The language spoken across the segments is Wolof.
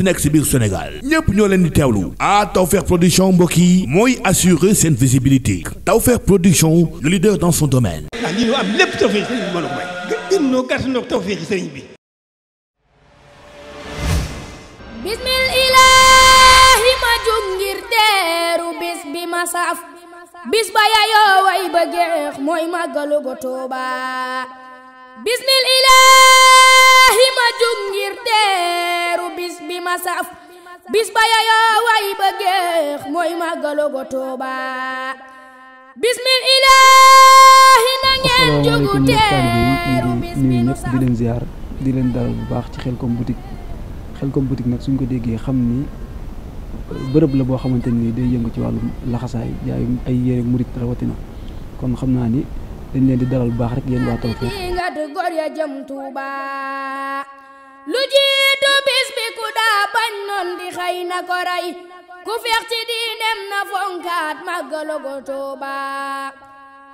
mënti nekk si biir Sénégal ñëpp ñoo leen di teewlu mbokk yi mooy assurer seen visibilité Tawfekh production ah, ma jug ngir teeru bis bi ma saf bis ba yayoo way ba mooy màggalu go Tuuba bismillahi ma saf bis ba yeyoo ba géex mooy màggalu go Tuuba bismil ilaahi na ngeen jugu teeru bis di leen ziar di leen dalal bu baax ci Xelcom boutique Xelcom butik nag suñ ko déggee xam ni bërëb la boo xamante ni day yëngu ci wàllu laxasaay jaay ay yére murit rawatina kon xam naa ni dañ leen di dalal bu baax rek yéen waa Tawfekh. lu jiitu bis na ko rey ku feex ci diineem na fonkaat màggalu ko Tuuba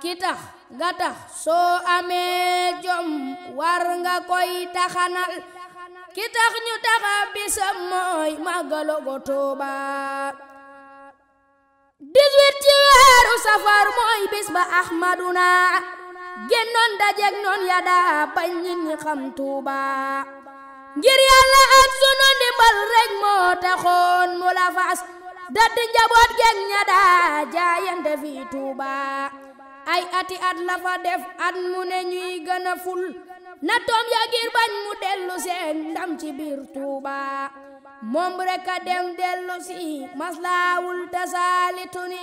ki tax nga tax soo amee jom war nga koy taxanal ki tax ñu taxa bisam mooy màggalu ko Tuuba 18 ci weeru safar mooy bis ba Ahmaduna génnoon dajeek noon ya daa bañ ñi xam Tuuba ngir yàlla ak sunu ndimbal rek moo taxoon mu la fas dadi njaboot geeg ña daa jaayante fii Tuuba ay ati at la fa def at mu ne ñuy gën ful na toom ya ngir bañ mu dellu seen ndam ci biir Tuuba moom rek a dem dellu si maslaawul tasaalitu ni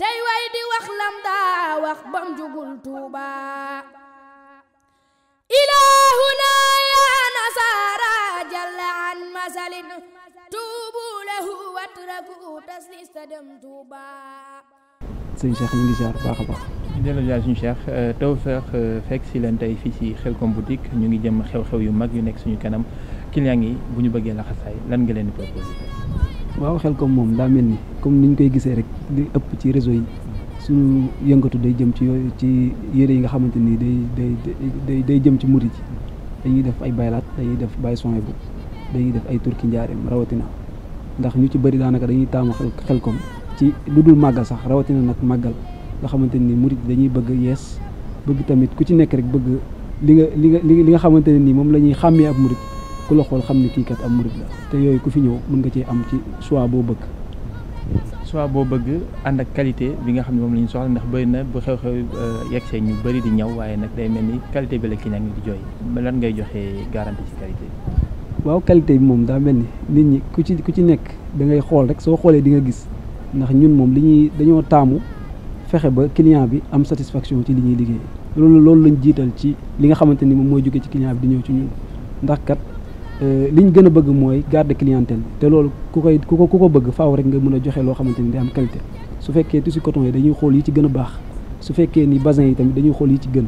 tey way di wax lam daa wax bam jugul Tuuba مثال توبوا له واتركوا تسليس sëñ Cheikh ñu ngi ziar bu baax a baax. Euh, euh, fekk ci leen tey fii si Xelcom boutique ñu ngi jëm xew-xew yu mag yu nekk suñu kanam client yi bu ñu bëggee laxasaay lan ngi leen di proposé. waaw Xelcom moom daa mel ni comme ni ñu koy gisee rek di ëpp ci réseau yi suñu yëngatu day jëm ci yooyu ci yére yi nga xamante ni day day day jëm ci murid yi dañuy def ay baylaat dañuy def bay soin bu dañuy def ay turki njaareem rawatina ndax ñu ci bëri daanaka dañuy taamu xelkom ci lu dul màggal sax rawatina nag màggal nga xamante ni murit dañuy bëgg yees bëgg tamit ku ci nekk rek bëgg li nga li nga li nga xamante ne nii moom la ñuy xàmmee ak murit ku la xool xam ne kii kat ab murit la te yooyu ku fi ñëw mën nga cee am ci choix boo bëgg. soit boo bëgg ànd ak qualité bi nga xam ne moom la ñu soxla ndax bëri na bu xew-xew euh, yegg see ñu bëri di ñaw waaye nag day mel ni qualité bi la kii nag di jooy lan ngay joxe garantie ci qualité bi. waaw qualité bi moom daa mel ni nit ñi ku ci ku ci nekk da ngay xool rek soo xoolee di nga gis ndax ñun moom li ñuy dañoo taamu fexe ba client bi am satisfaction ci li ñuy liggéey loolu loolu lañ jiital ci li nga xamante ni moom mooy jóge ci client bi di ñëw ci ñun ndax kat euh, li ñu gën a bëgg mooy garde clientèle te loolu ku koy ku ko ku ko bëgg faaw rek nga mën a joxe loo xamante ni day am qualité su fekkee tissu coton yi dañuy xool yi ci gën a baax su fekkee ni basin yi tamit dañuy xool yi ci gën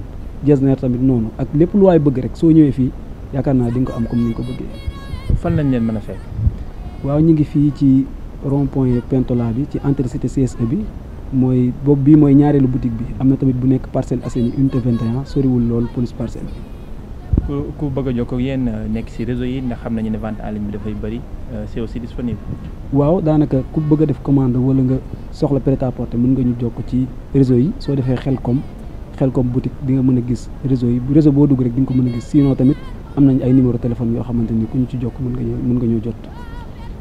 jesner tamit ak lépp lu bëgg rek soo ñëwee fii yaakaar naa di nga ko am comme ni nga ko bëggee. fan lañ leen mën a fekk. waaw ñu ngi fii ci ron point Pentola bi ci entrecité CSE bi mooy boobu bi mooy ñaareelu boutique bi am na tamit bu nekk Parcelles Assainies unité 21 soriwul lool police parcelle bi. ku bëgg a jokkoo ak yéen nekk ci réseau yi ndax xam nañu ne vente en ligne bi dafay bëri euh, c'est aussi disponible. waaw ku bëgg def commande wala nga soxla prêt-à-porter mën nga ñu jokk ci réseau yi soo defee xel Xelcom boutique di nga mën a gis réseau yi réseau boo dugg rek di ko mën a gis sinon tamit. am nañ ay numéro téléphone yoo xamante ni ku ñu ci jokk mën nga ñëw mën nga ñëw jot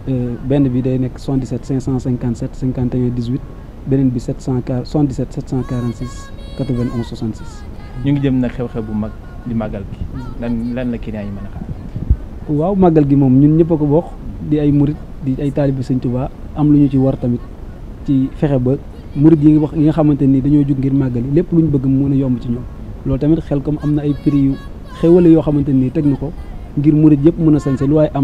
euh, benn bi day nekk 77 557 51 18 beneen bi 700 77 746 91 66. ñu ngi jëm nag xew-xew bu mag di màggal gi. lan lan la client yi mën a xaar. waaw màggal gi moom ñun ñëpp a ko bokk di ay murit di ay taalibi Sëñ Tuubaa am lu ñu ci war tamit ci fexe ba murit yi nga wax yi nga xamante ni dañoo jug ngir màggal yi lépp lu ñu bëgg mu mën a yomb ci ñoo xéwale yoo xamante nii teg na ko ngir murit mën a sañse ya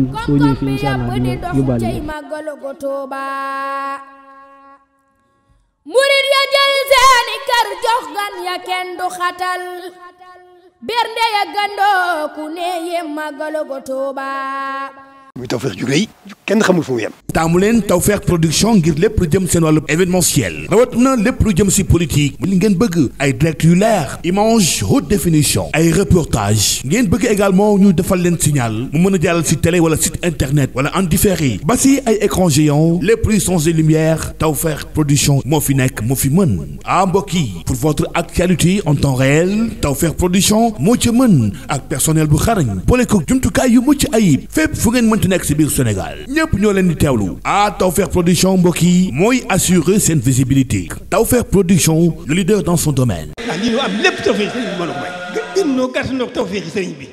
jël seeni kër jox gan ya kenn du xatal bernde ya gandoo ne yem màggalo go Tuuba muy Tawfekh ju rëy kenn xamul fu mu yem. taamu leen Tawfekh production ngir lépp lu jëm seen wàllu événementiel rawat na lépp lu jëm si politique li ngeen bëgg ay direct yu leer image haute définition ay reportage ngeen bëgg également ñu defal leen signal mu mën a jàllal si télé wala site internet wala en ba si ay écran géant lépp luy son lumière Tawfekh production moo fi nekk moo fi mën ah mbokk yi pour votre actualité en temps réel Tawfekh production moo ci mën ak personnel bu xarañ boole ko jumtukaay yu mucc nekk si biir Sénégal ñépp ñoo leen di teewlu ah Tawfekh production mbokk yi mooy assurer seen visibilité Tawfekh production le leader dans son domaine. ah lii am lépp Tawfekh sëriñ bi mën a may.